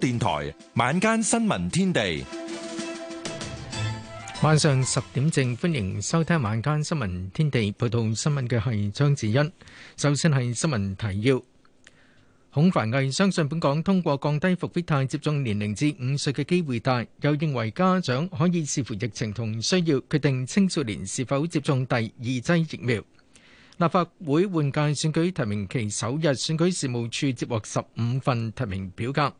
電台晚間新聞天地，晚上十點正，歡迎收聽晚間新聞天地。報道新聞嘅係張智欣。首先係新聞提要。孔凡毅相信，本港通過降低復必泰接種年齡至五歲嘅機會大，又認為家長可以視乎疫情同需要，決定青少年是否接種第二劑疫苗。立法會換屆選舉提名期首日，選舉事務處接獲十五份提名表格。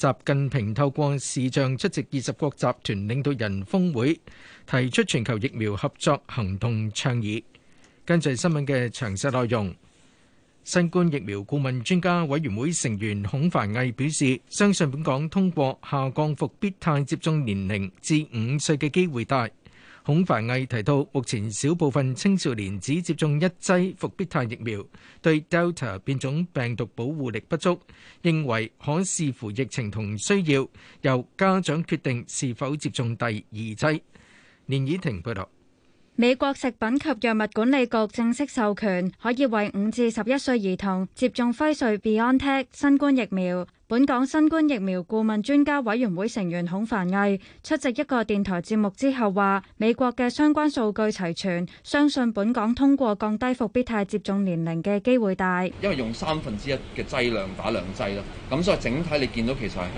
習近平透過視像出席二十國集團領導人峰會，提出全球疫苗合作行動倡議。跟住新聞嘅詳細內容，新冠疫苗顧問專家委員會成員孔凡毅表示，相信本港通過下降復必泰接種年齡至五歲嘅機會大。孔繁毅提到，目前少部分青少年只接種一劑復必泰疫苗，對 Delta 變種病毒保護力不足，認為可視乎疫情同需要，由家長決定是否接種第二劑。連綺婷報道，美國食品及藥物管理局正式授權可以為五至十一歲兒童接種輝瑞 Biontech 新冠疫苗。本港新冠疫苗顧問專家委員會成員孔凡毅出席一個電台節目之後話美國嘅相關數據齊全，相信本港通過降低復必泰接種年齡嘅機會大。因為用三分之一嘅劑量打兩劑啦，咁所以整體你見到其實係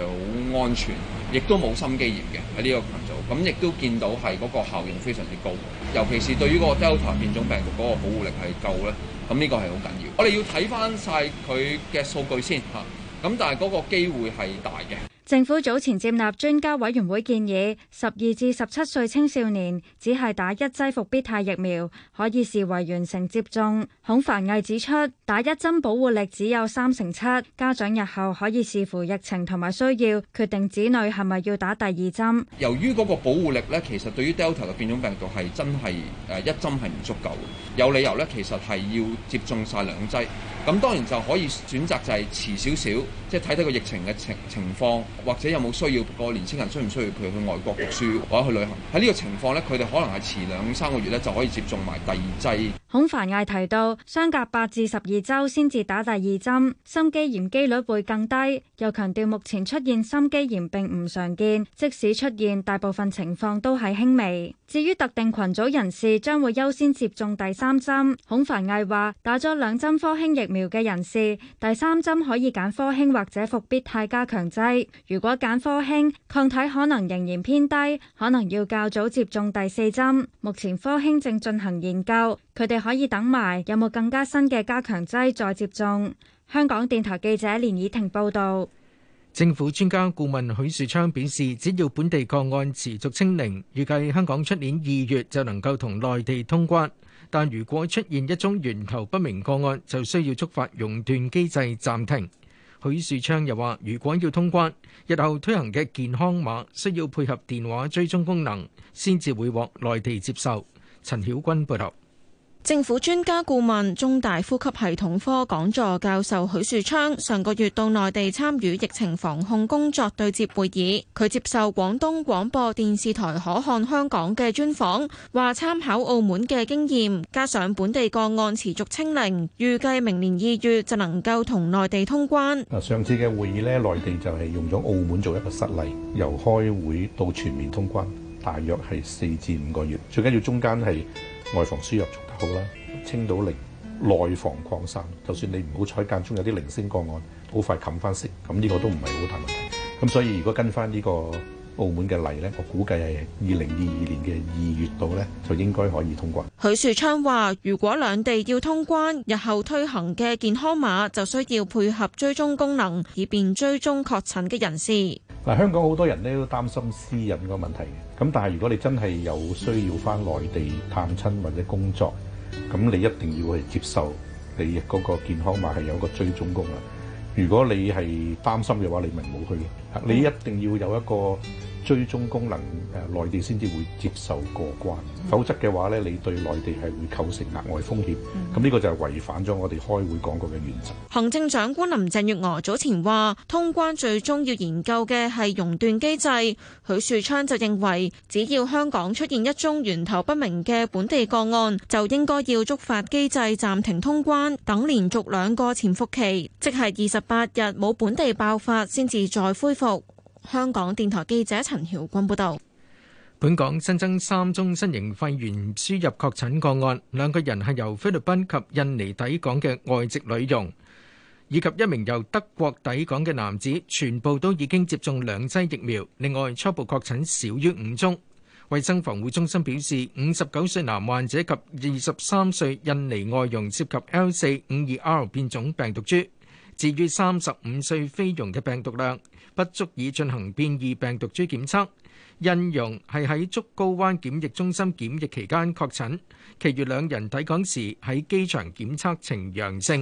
好安全，亦都冇心肌炎嘅喺呢個群組，咁亦都見到係嗰個效用非常之高，尤其是對於嗰個 Delta 變種病毒嗰個保護力係夠咧，咁呢個係好緊要。我哋要睇翻晒佢嘅數據先吓。咁但係嗰個機會係大嘅。政府早前接納專家委員會建議，十二至十七歲青少年只係打一劑復必泰疫苗，可以視為完成接種。孔繁毅指出，打一針保護力只有三成七，家長日後可以視乎疫情同埋需要，決定子女係咪要打第二針。由於嗰個保護力呢，其實對於 Delta 嘅變種病毒係真係誒一針係唔足夠，有理由呢，其實係要接種晒兩劑。咁當然就可以選擇就係遲少少，即係睇睇個疫情嘅情情況。或者有冇需要、嗰個年青人需唔需要譬如去外國讀書或者去旅行？喺呢個情況咧，佢哋可能係遲兩三個月咧就可以接種埋第二劑。孔繁毅提到，相隔八至十二周先至打第二針，心肌炎幾率會更低。又強調，目前出現心肌炎並唔常見，即使出現，大部分情況都係輕微。至於特定群組人士將會優先接種第三針。孔繁毅話，打咗兩針科興疫苗嘅人士，第三針可以揀科興或者復必泰加強劑。如果揀科興，抗體可能仍然偏低，可能要較早接種第四針。目前科興正進行研究。佢哋可以等埋有冇更加新嘅加強劑再接種。香港電台記者連以婷報道，政府專家顧問許樹昌表示，只要本地個案持續清零，預計香港出年二月就能夠同內地通關。但如果出現一宗源頭不明個案，就需要觸發熔斷機制暫停。許樹昌又話，如果要通關，日後推行嘅健康碼需要配合電話追蹤功能，先至會獲內地接受。陳曉君報道。政府專家顧問、中大呼吸系統科講座教授許樹昌上個月到內地參與疫情防控工作對接會議，佢接受廣東廣播電視台可看香港嘅專訪，話參考澳門嘅經驗，加上本地個案持續清零，預計明年二月就能夠同內地通關。嗱，上次嘅會議咧，內地就係用咗澳門做一個實例，由開會到全面通關，大約係四至五個月，最緊要中間係。外防輸入做得好啦，清到嚟內防擴散，就算你唔好彩間中有啲零星個案，好快冚翻食，咁呢個都唔係好大問題。咁所以如果跟翻呢個。澳門嘅例呢，我估計係2022年嘅二月度呢，就應該可以通關。許樹昌話，如果兩地要通關，日後推行嘅健康碼就需要配合追蹤功能以便追蹤確診嘅人士。嗱，香港好多人呢都擔心私隱個問題，咁但係如果你真係有需要返內地探親或者工作，咁你一定要去接受你嗰個健康碼係有個追蹤功能。如果你係擔心嘅話，你明冇去。你一定要有一個。追蹤功能誒，內地先至會接受過關，嗯、否則嘅話咧，你對內地係會構成額外風險。咁、嗯、呢個就係違反咗我哋開會講過嘅原則。行政長官林鄭月娥早前話，通關最終要研究嘅係熔斷機制。許樹昌就認為，只要香港出現一宗源頭不明嘅本地個案，就應該要觸發機制，暫停通關等連續兩個潛伏期，即係二十八日冇本地爆發先至再恢復。香港電台記者陳曉君報道：本港新增三宗新型肺炎輸入確診個案，兩個人係由菲律賓及印尼抵港嘅外籍女傭，以及一名由德國抵港嘅男子，全部都已經接種兩劑疫苗。另外初步確診少於五宗。衛生防護中心表示，五十九歲男患者及二十三歲印尼外傭涉及 L 四五二 R 變種病毒株，至於三十五歲菲傭嘅病毒量。不足以進行變異病毒株檢測。因陽係喺竹篙灣檢疫中心檢疫期間確診，其餘兩人抵港時喺機場檢測呈陽性。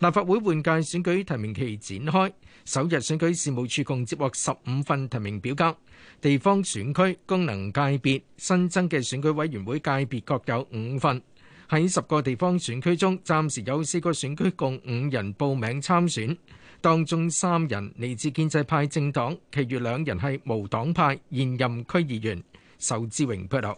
立法會換屆選舉提名期展開，首日選舉事務處共接獲十五份提名表格，地方選區功能界別新增嘅選舉委員會界別各有五份。喺十個地方選區中，暫時有四個選區共五人報名參選。當中三人嚟自建制派政黨，其餘兩人係無黨派現任區議員。仇志榮報道。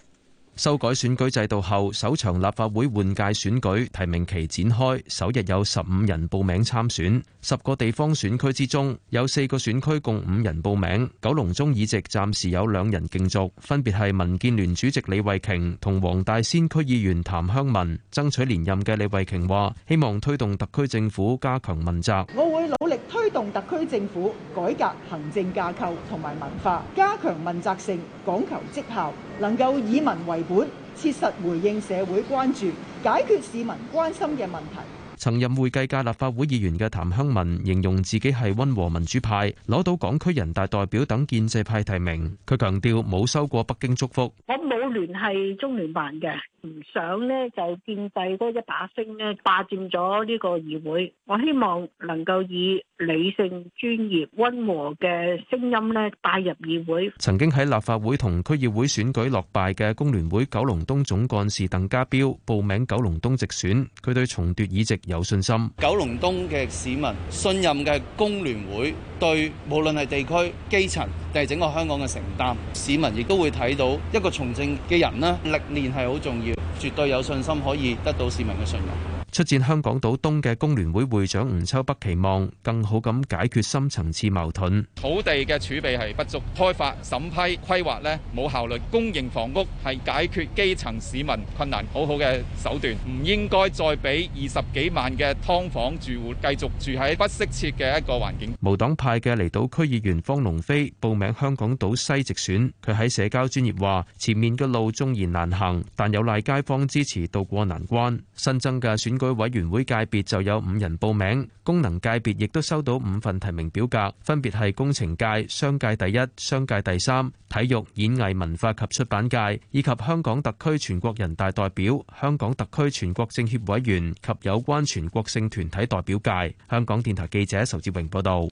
修改選舉制度後，首場立法會換屆選舉提名期展開，首日有十五人報名參選。十個地方選區之中，有四個選區共五人報名。九龍中議席暫時有兩人競逐，分別係民建聯主席李慧瓊同黃大仙區議員譚香文。爭取連任嘅李慧瓊話：希望推動特區政府加強問責。我會努力推動特區政府改革行政架構同埋文化，加強問責性，講求績效，能夠以民為本切實回應社會關注，解決市民關心嘅問題。曾任會計界立法會議員嘅譚香文形容自己係溫和民主派，攞到港區人大代表等建制派提名。佢強調冇收過北京祝福。我冇聯繫中聯辦嘅。唔想咧就建制嗰一把聲咧霸佔咗呢個議會，我希望能夠以理性、專業、溫和嘅聲音咧帶入議會。曾經喺立法會同區議會選舉落敗嘅工聯會九龍東總幹事鄧家彪報名九龍東直選，佢對重奪議席有信心。九龍東嘅市民信任嘅工聯會對無論係地區基層定係整個香港嘅承擔，市民亦都會睇到一個從政嘅人啦，歷練係好重要。絕對有信心可以得到市民嘅信任。出戰香港島東嘅工聯會會長吳秋北期望更好咁解決深層次矛盾。土地嘅儲備係不足，開發審批規劃呢冇效率。公營房屋係解決基層市民困難好好嘅手段，唔應該再俾二十幾萬嘅劏房住戶繼續住喺不適切嘅一個環境。無黨派嘅離島區議員方龍飛報名香港島西直選，佢喺社交專業話：前面嘅路縱然難行，但有賴街坊支持渡過難關。新增嘅選舉。委員會界別就有五人報名，功能界別亦都收到五份提名表格，分別係工程界、商界第一、商界第三、體育、演藝文化及出版界，以及香港特區全國人大代表、香港特區全國政協委員及有關全國性團體代表界。香港電台記者仇志榮報道。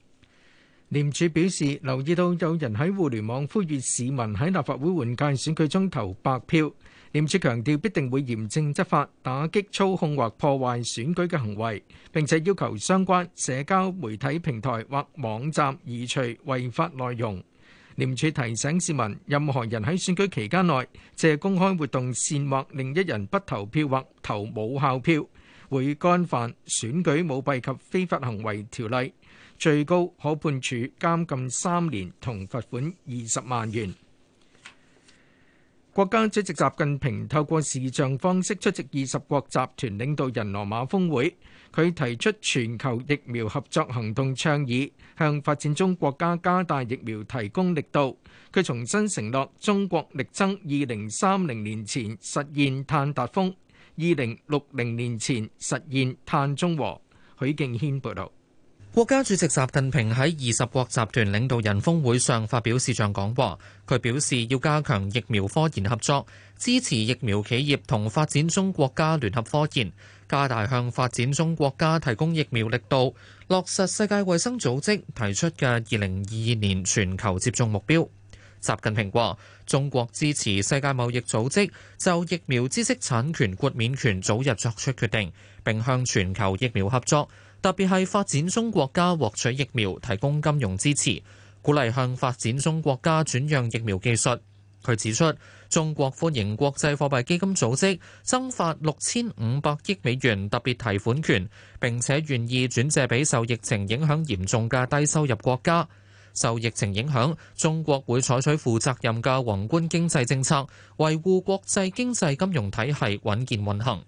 廉署表示留意到有人喺互聯網呼籲市民喺立法會換屆選舉中投白票。廉署強調必定會嚴正執法，打擊操控或破壞選舉嘅行為，並且要求相關社交媒體平台或網站移除違法內容。廉署提醒市民，任何人喺選舉期間內借公開活動煽惑另一人不投票或投無效票，會干犯選舉舞弊及非法行為條例，最高可判處監禁三年同罰款二十萬元。國家主席習近平透過視像方式出席二十國集團領導人羅馬峰會，佢提出全球疫苗合作行動倡議，向發展中國家加大疫苗提供力度。佢重新承諾，中國力爭二零三零年前實現碳達峰，二零六零年前實現碳中和。許敬軒報導。國家主席習近平喺二十國集團領導人峰會上發表視像講話。佢表示要加強疫苗科研合作，支持疫苗企業同發展中國家聯合科研，加大向發展中國家提供疫苗力度，落實世界衛生組織提出嘅二零二二年全球接種目標。習近平話：中國支持世界貿易組織就疫苗知識產權豁免權早日作出決定，並向全球疫苗合作。特別係發展中國家獲取疫苗，提供金融支持，鼓勵向發展中國家轉讓疫苗技術。佢指出，中國歡迎國際貨幣基金組織增發六千五百億美元特別提款權，並且願意轉借俾受疫情影響嚴重嘅低收入國家。受疫情影響，中國會採取負責任嘅宏觀經濟政策，維護國際經濟金融體系穩健運行。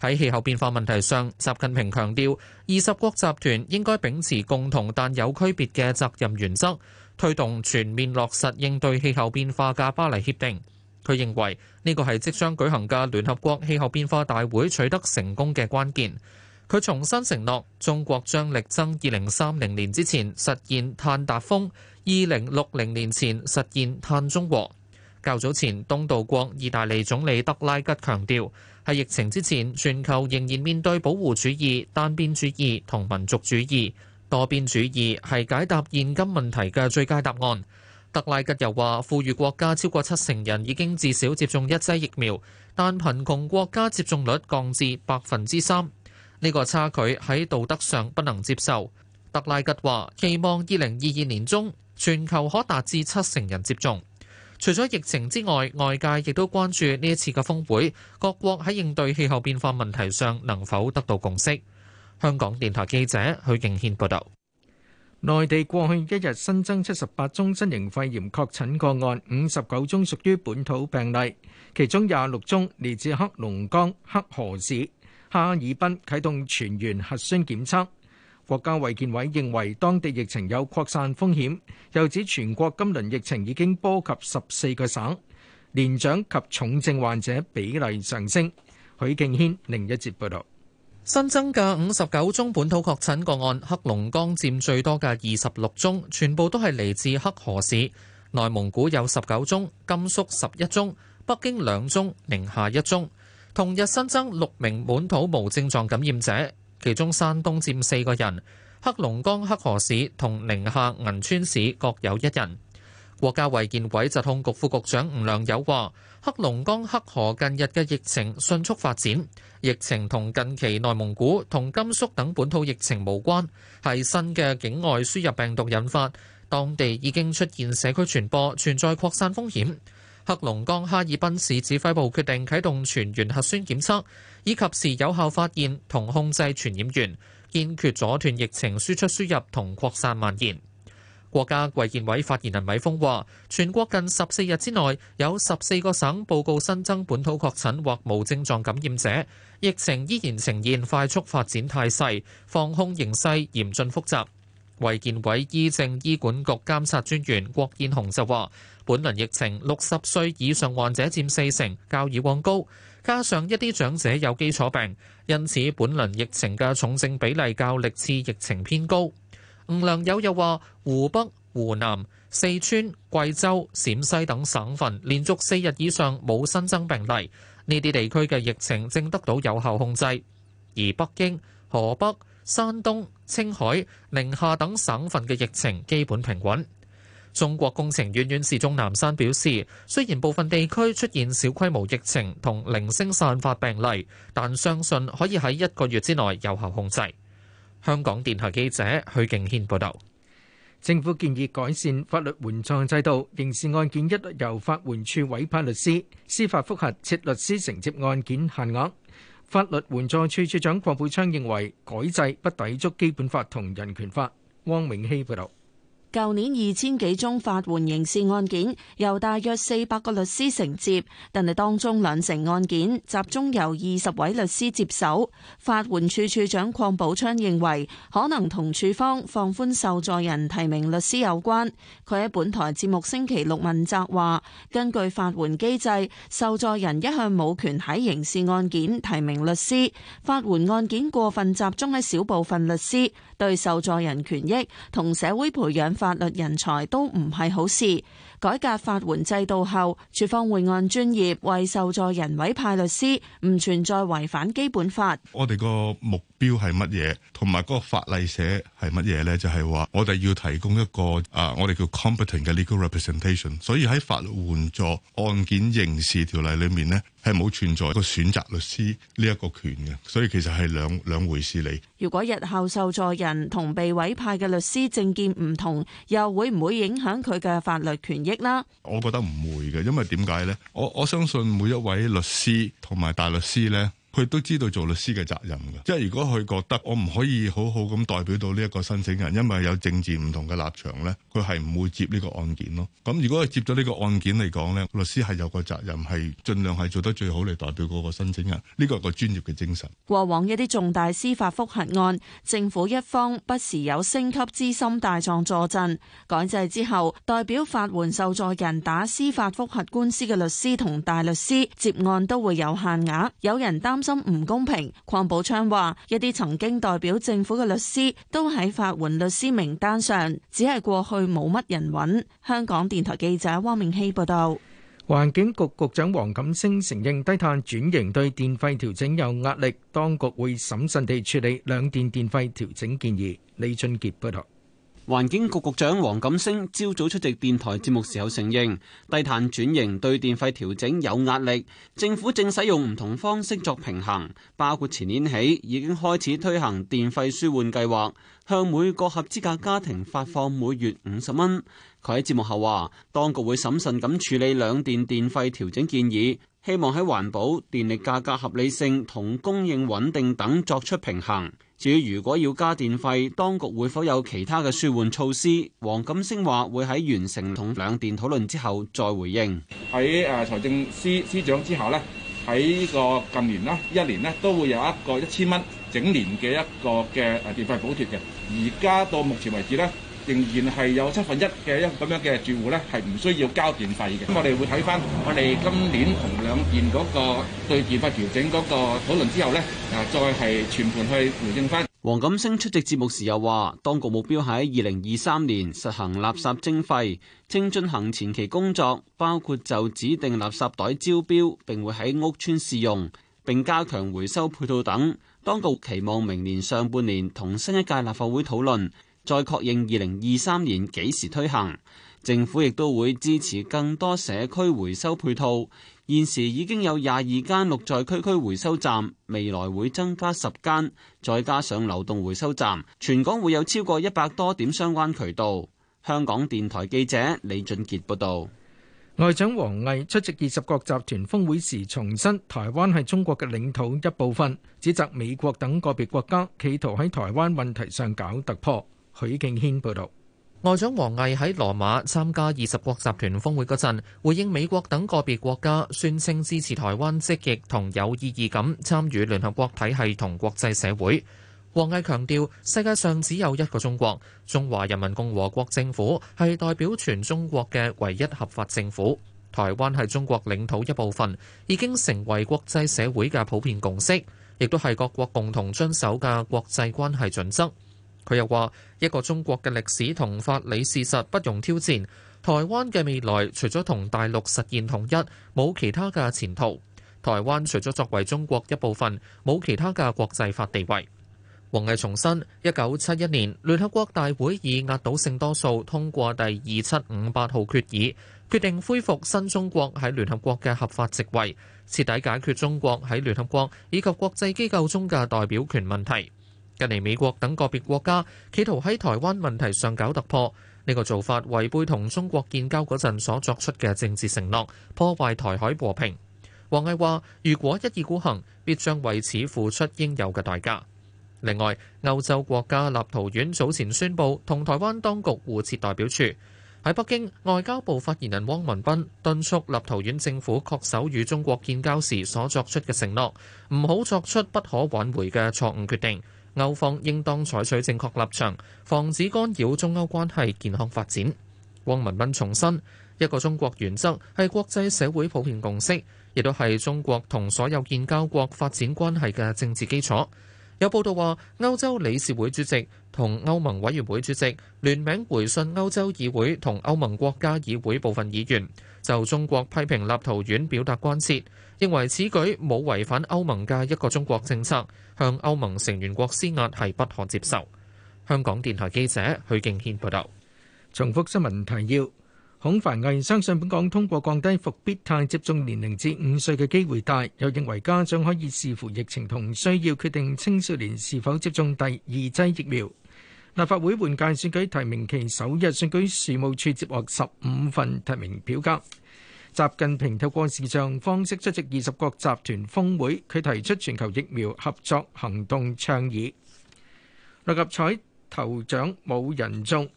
喺氣候變化問題上，習近平強調，二十國集團應該秉持共同但有區別嘅責任原則，推動全面落實應對氣候變化嘅巴黎協定。佢認為呢個係即將舉行嘅聯合國氣候變化大會取得成功嘅關鍵。佢重新承諾，中國將力爭二零三零年之前實現碳達峰，二零六零年前實現碳中和。較早前，東道國意大利總理德拉吉強調。喺疫情之前，全球仍然面對保護主義、單邊主義同民族主義、多邊主義係解答現今問題嘅最佳答案。德拉吉又話富裕國家超過七成人已經至少接種一劑疫苗，但貧窮國家接種率降至百分之三，呢個差距喺道德上不能接受。德拉吉話期望二零二二年中全球可達至七成人接種。除咗疫情之外，外界亦都關注呢一次嘅峰會，各國喺應對氣候變化問題上能否得到共識。香港電台記者許敬軒報道，內地過去一日新增七十八宗新型肺炎確診個案，五十九宗屬於本土病例，其中廿六宗嚟自黑龍江黑河市，哈爾濱啟動全員核酸檢測。國家衛健委認為當地疫情有擴散風險，又指全國今輪疫情已經波及十四個省，年長及重症患者比例上升。許敬軒另一節報道，新增嘅五十九宗本土確診個案，黑龍江佔最多嘅二十六宗，全部都係嚟自黑河市。內蒙古有十九宗，甘肅十一宗，北京兩宗，寧夏一宗。同日新增六名本土無症狀感染者。其中，山東佔四個人，黑龍江、黑河市同寧夏銀川市各有一人。國家衛健委疾控局副局長吳良有話，黑龍江黑河近日嘅疫情迅速發展，疫情同近期內蒙古同甘肅等本土疫情無關，係新嘅境外輸入病毒引發，當地已經出現社區傳播，存在擴散風險。黑龍江哈爾濱市指揮部決定啟動全員核酸檢測，以及時有效發現同控制傳染源，堅決阻斷疫情輸出輸入同擴散蔓延。國家衛健委發言人米峰話：全國近十四日之內有十四個省報告新增本土確診或無症狀感染者，疫情依然呈現快速發展態勢，防控形勢嚴峻複雜。衛健委醫政醫管局監察專員郭燕紅就話：本輪疫情六十歲以上患者佔四成，較以往高，加上一啲長者有基礎病，因此本輪疫情嘅重症比例較歷次疫情偏高。吳良友又話：湖北、湖南、四川、貴州、陝西等省份連續四日以上冇新增病例，呢啲地區嘅疫情正得到有效控制，而北京、河北、山東、青海、寧夏等省份嘅疫情基本平穩，中國工程院院士鍾南山表示，雖然部分地區出現小規模疫情同零星散發病例，但相信可以喺一個月之內有效控制。香港電台記者許敬軒報道。政府建議改善法律援助制度，刑事案件一律由法援處委派律師，司法復核設律師承接案件限額。法律援助處處長郭富昌認為，改制不抵觸基本法同人權法。汪永熙報道。舊年二千幾宗法援刑事案件由大約四百個律師承接，但係當中兩成案件集中由二十位律師接手。法援處處長鄺寶昌認為，可能同處方放寬受助人提名律師有關。佢喺本台節目星期六問責話：根據法援機制，受助人一向冇權喺刑事案件提名律師，法援案件過分集中喺小部分律師，對受助人權益同社會培養法律人才都唔係好事。改革法援制度後，處方會按專業為受助人委派律師，唔存在違反基本法。我哋個目標係乜嘢，同埋個法例寫係乜嘢呢？就係話我哋要提供一個啊，我哋叫 competent 嘅 legal representation。所以喺法律援助案件刑事條例裏面呢，係冇存在個選擇律師呢一個權嘅。所以其實係兩兩回事嚟。如果日後受助人同被委派嘅律師政見唔同，又會唔會影響佢嘅法律權益？我覺得唔會嘅，因為點解咧？我我相信每一位律師同埋大律師咧。佢都知道做律師嘅責任嘅，即係如果佢覺得我唔可以好好咁代表到呢一個申請人，因為有政治唔同嘅立場咧，佢係唔會接呢個案件咯。咁如果佢接咗呢個案件嚟講咧，律師係有個責任係盡量係做得最好嚟代表嗰個申請人，呢個係個專業嘅精神。過往一啲重大司法覆核案，政府一方不時有升級資深大狀助陣。改制之後，代表法援受助人打司法覆核官司嘅律師同大律師接案，都會有限額，有人擔。心唔公平，鄺寶昌話：一啲曾經代表政府嘅律師都喺法援律師名單上，只係過去冇乜人揾。香港電台記者汪明希報道。環境局局長黃錦星承認，低碳轉型對電費調整有壓力，當局會審慎地處理兩電電費調整建議。李俊杰報道。環境局局長黃錦星朝早出席電台節目時候承認，低碳轉型對電費調整有壓力，政府正使用唔同方式作平衡，包括前年起已經開始推行電費舒緩計劃，向每個合資格家庭發放每月五十蚊。佢喺節目後話，當局會審慎咁處理兩電電費調整建議，希望喺環保、電力價格合理性同供應穩定等作出平衡。至於如果要加電費，當局會否有其他嘅舒緩措施？黃錦星話會喺完成同兩電討論之後再回應。喺誒財政司司長之下呢，喺個近年啦，一年咧都會有一個一千蚊整年嘅一個嘅誒電費補貼嘅。而家到目前為止呢。仍然係有七分一嘅一咁樣嘅住戶呢，係唔需要交電費嘅。咁我哋會睇翻我哋今年同兩件嗰個電費調整嗰個討論之後呢，啊再係全盤去回應翻。黃錦星出席節目時又話，當局目標喺二零二三年實行垃圾徵費，正進行前期工作，包括就指定垃圾袋招標，並會喺屋邨試用，並加強回收配套等。當局期望明年上半年同新一屆立法會討論。再確認二零二三年幾時推行，政府亦都會支持更多社區回收配套。現時已經有廿二間六在區區回收站，未來會增加十間，再加上流動回收站，全港會有超過一百多點相關渠道。香港電台記者李俊杰報道。外長王毅出席二十國集團峰會時重申，台灣係中國嘅領土一部分，指責美國等個別國家企圖喺台灣問題上搞突破。許敬軒報道，外長王毅喺羅馬參加二十國集團峰會嗰陣，回應美國等個別國家宣稱支持台灣積極同有意義噉參與聯合國體系同國際社會。王毅強調，世界上只有一個中國，中華人民共和國政府係代表全中國嘅唯一合法政府。台灣係中國領土一部分，已經成為國際社會嘅普遍共識，亦都係各國共同遵守嘅國際關係準則。佢又話：一個中國嘅歷史同法理事實不容挑戰，台灣嘅未來除咗同大陸實現統一，冇其他嘅前途。台灣除咗作為中國一部分，冇其他嘅國際法地位。王毅重申：一九七一年聯合國大會以壓倒性多數通過第二七五八號決議，決定恢復新中國喺聯合國嘅合法席位，徹底解決中國喺聯合國以及國際機構中嘅代表權問題。近嚟美國等個別國家企圖喺台灣問題上搞突破，呢個做法違背同中國建交嗰陣所作出嘅政治承諾，破壞台海和平。王毅話：如果一意孤行，必將為此付出應有嘅代價。另外，歐洲國家立陶宛早前宣布同台灣當局互設代表處。喺北京，外交部發言人汪文斌敦促立陶宛政府恪守與中國建交時所作出嘅承諾，唔好作出不可挽回嘅錯誤決定。歐方應當採取正確立場，防止干擾中歐關係健康發展。汪文斌重申，一個中國原則係國際社會普遍共識，亦都係中國同所有建交國發展關係嘅政治基礎。有報道話，歐洲理事會主席同歐盟委員會主席聯名回信歐洲議會同歐盟國家議會部分議員，就中國批評立陶宛表達關切。認為此舉冇違反歐盟嘅一個中國政策，向歐盟成員國施壓係不可接受。香港電台記者許敬軒報導。重複新聞提要：孔繁毅相信本港通過降低復必泰接種年齡至五歲嘅機會大，又認為家長可以視乎疫情同需要決定青少年是否接種第二劑疫苗。立法會換屆選舉提名期首日，選舉事務處接獲十五份提名表格。習近平透過視像方式出席二十國集團峰會，佢提出全球疫苗合作行動倡議。六合彩頭獎冇人中，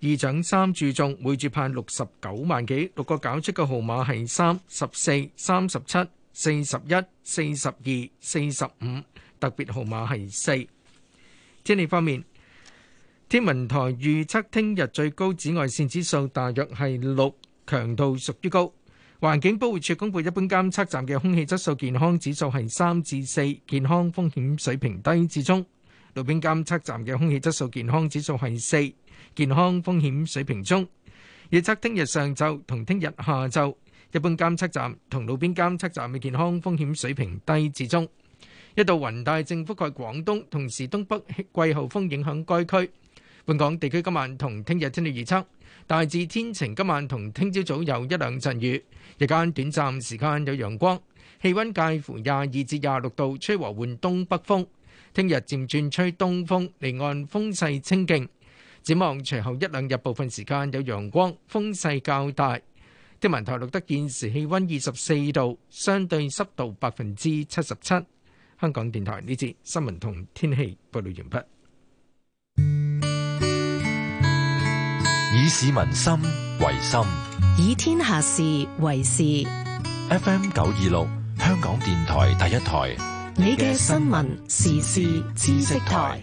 二獎三注中，每注派六十九萬幾。六個攪出嘅號碼係三、十四、三十七、四十一、四十二、四十五，特別號碼係四。天氣方面，天文台預測聽日最高紫外線指數大約係六，強度屬於高。環境保護署公布一般監測站嘅空氣質素健康指數係三至四，健康風險水平低至中；路邊監測站嘅空氣質素健康指數係四，健康風險水平中。預測聽日上晝同聽日下晝，一般監測站同路邊監測站嘅健康風險水平低至中。一道雲帶正覆蓋廣東，同時東北季候風影響該區。本港地區今晚同聽日天氣預測大致天晴，今晚同聽朝早有一兩陣雨。日間短暫時間有陽光，氣溫介乎廿二至廿六度，吹和緩東北風。聽日漸轉吹東風，離岸風勢清勁。展望隨後一兩日，部分時間有陽光，風勢較大。天文台錄得現時氣溫二十四度，相對濕度百分之七十七。香港電台呢節新聞同天氣報道完畢。以市民心為心。以天下事為事。FM 九二六，香港電台第一台，你嘅新聞時事知識台。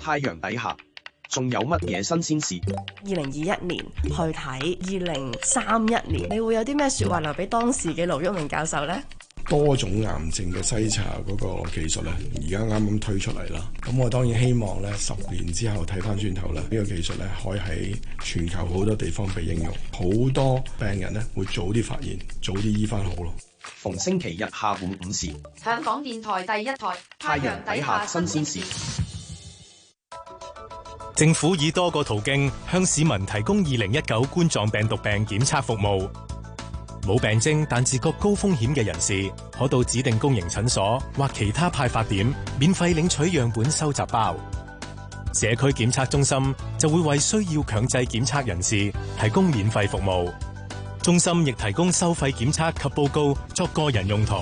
太陽底下仲有乜嘢新鮮事？二零二一年去睇二零三一年，你會有啲咩說話留俾當時嘅盧煜明教授呢？多種癌症嘅篩查嗰個技術咧，而家啱啱推出嚟啦。咁我當然希望咧，十年之後睇翻轉頭咧，呢個技術咧，可以喺全球好多地方被應用，好多病人咧會早啲發現，早啲醫翻好咯。逢星期日下午五時，香港電台第一台《太陽底下新鮮事》。政府以多個途徑向市民提供二零一九冠狀病毒病檢測服務。冇病徵但自覺高風險嘅人士，可到指定公營診所或其他派發點免費領取樣本收集包。社區檢測中心就會為需要強制檢測人士提供免費服務。中心亦提供收費檢測及報告作個人用途。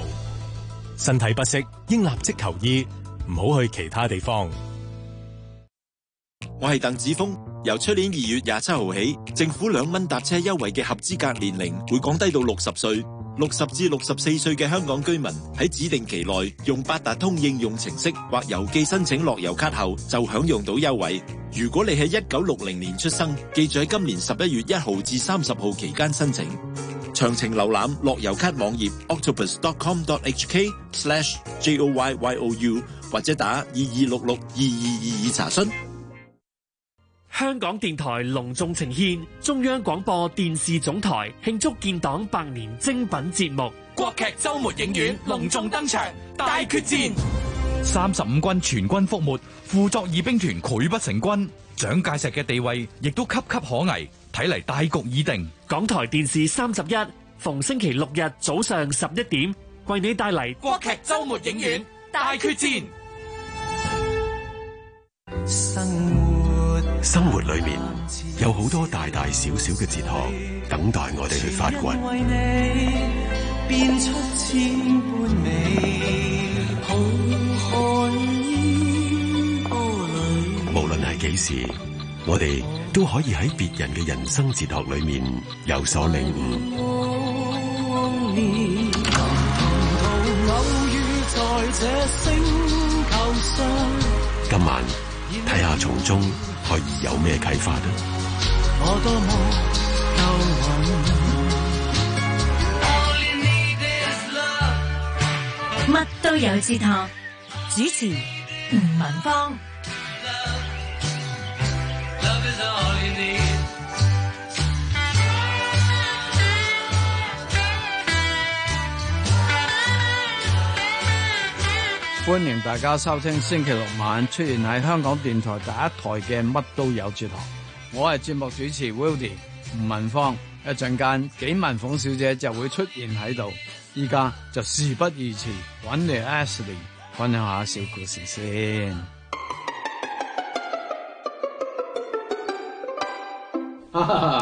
身體不適，應立即求醫，唔好去其他地方。我係鄧子峰。由出年二月廿七號起，政府兩蚊搭車優惠嘅合資格年齡會降低到六十歲。六十至六十四歲嘅香港居民喺指定期內用八達通應用程式或郵寄申請樂悠卡後，就享用到優惠。如果你喺一九六零年出生，記住喺今年十一月一號至三十號期間申請。詳情瀏覽樂悠卡網頁 octopus.com.hk/joyyou，或者打二二六六二二二二查詢。香港電台隆重呈現中央廣播電視總台慶祝建黨百年精品節目國劇周末影院隆重登場。大決戰三十五軍全軍覆沒傅作義兵團生活裏面有好多大大小小嘅哲學，等待我哋去發掘。無論係幾時，我哋都可以喺別人嘅人生哲學裏面有所領悟。今晚睇下從中。可以有咩啟發？乜都，都，都有節託，主持吳文芳。歡迎大家收聽星期六晚出現喺香港電台第一台嘅乜都有節堂，我係節目主持 Willie 吳文芳。一陣間紀文鳳小姐就會出現喺度，依家就事不宜遲，搵你 Ashley 分享一下小故事先。